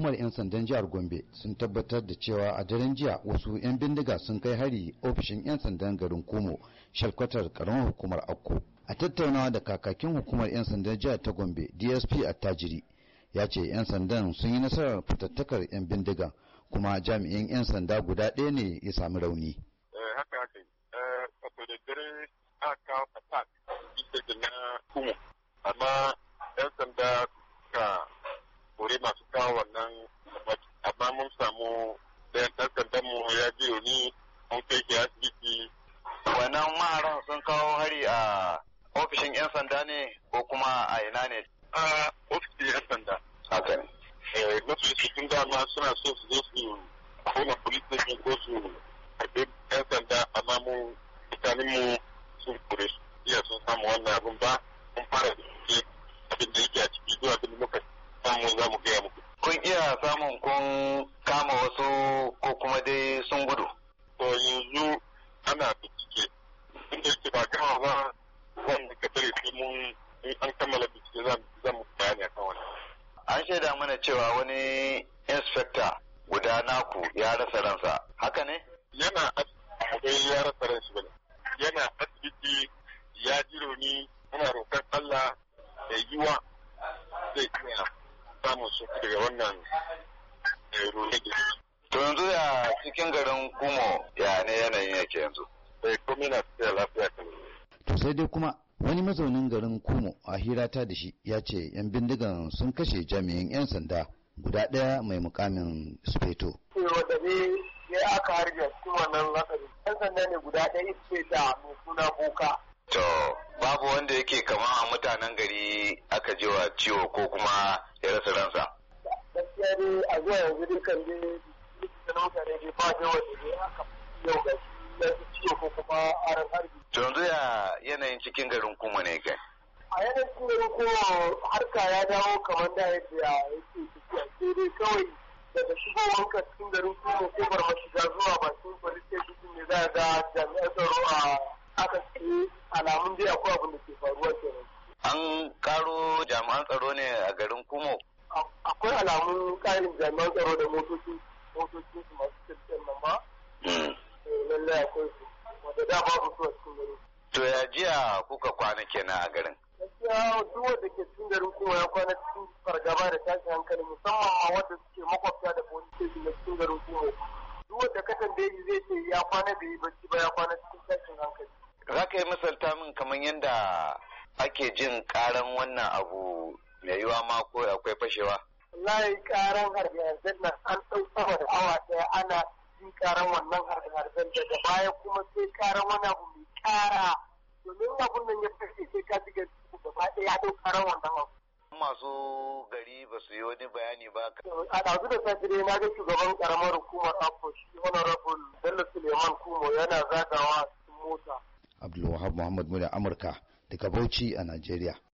hukumar 'yan sandan jihar gombe sun tabbatar da cewa a daren jiya wasu 'yan bindiga sun kai hari ofishin 'yan sandan garin kumo shalkwatar karamar hukumar akko a tattaunawa da kakakin hukumar 'yan sandan jihar ta gombe dsp attajiri ya ce 'yan sandan sun yi nasarar fitattakar 'yan bindiga kuma jami'in 'yan sanda guda ɗaya ne ya sami rauni eh, eh, amma 'yan sanda mu da ɗan mu ya ji rauni an kai ki asibiti. Wannan maharan sun kawo hari a ofishin 'yan sanda ne ko kuma a ina ne? A ofishin 'yan sanda. Haka ne. Eh, mafi cikin dama suna so su zo su kona police station ko su haɗe 'yan sanda amma mu mutanen mu sun kure su. Iya sun samu wannan abin ba. dai sun gudu. To yanzu ana bincike inda yake ba gama ba wanda ka tare sai mun in an kammala bincike zan mu bayani akan wani. An shaida mana cewa wani inspekta guda naku ya rasa ransa haka ne? Yana asibiti ya rasa ransa bane. Yana asibiti ya ji rauni muna roƙar Allah da yiwa zai iya samun su daga wannan eh, rauni da To yanzu ya cikin garin Kumo ya ne yanayin yake yanzu. Bai eh, komi na tafiya lafiya To sai dai kuma wani mazaunin garin Kumo a hira ta da shi ya ce 'yan bindigan sun kashe jami'in 'yan sanda guda ɗaya mai mukamin Sufeto. Wadanne ne aka harbe su wannan 'Yan sanda ne guda ɗaya Sufeta mai suna Boka. To babu wanda yake kama a mutanen gari aka je wa ciwo ko kuma ya rasa ransa. Gaskiya dai a zuwa yanzu dukkan tsokare ne ba ne aka yau ga ciwo ko kuma harbi. yanzu ya yanayin cikin garin kuma ne kai. A yanayin cikin garin kuma harka ya dawo kamar da yake ya yake a sai dai kawai daga shigowar ka cikin garin kuma ko bar shiga zuwa bakin police station ne za ga jami'an tsaro a aka ce alamun dai akwai abin da ke faruwa kenan. An karo jami'an tsaro ne a garin Kumo? Akwai alamun ƙarin jami'an tsaro da motoci motocin su masu cikin nan ba hmm. eh, lallai akwai su wanda da babu su a cikin garin to ya jiya kuka kwana kenan a garin gaskiya duk wanda ke cikin garin kowa ya kwana cikin fargaba da tashin hankali musamman ma wanda suke makwabta da police na cikin garin kowa duk wanda ka tambaye shi zai ce ya kwana bai yi bacci ba ya kwana cikin tashin hankali za ka yi misalta min kamar yadda ake jin karan wannan abu mai yiwa ma ko akwai fashewa wallahi karan harbe-harben nan an ɗau sama da awa ɗaya ana yi karan wannan harbe-harben daga baya kuma sai karan wani abu mai kara domin abun nan ya fashe sai ka ji gari gaba ɗaya ya ɗau karan wannan abu. masu gari ba su yi wani bayani ba. ka? a ɗazu da safe dai na ga shugaban karamar hukumar afo shi honorable bello suleiman kumo yana zagawa cikin mota. abdulwahab muhammad muna amurka daga bauchi a najeriya.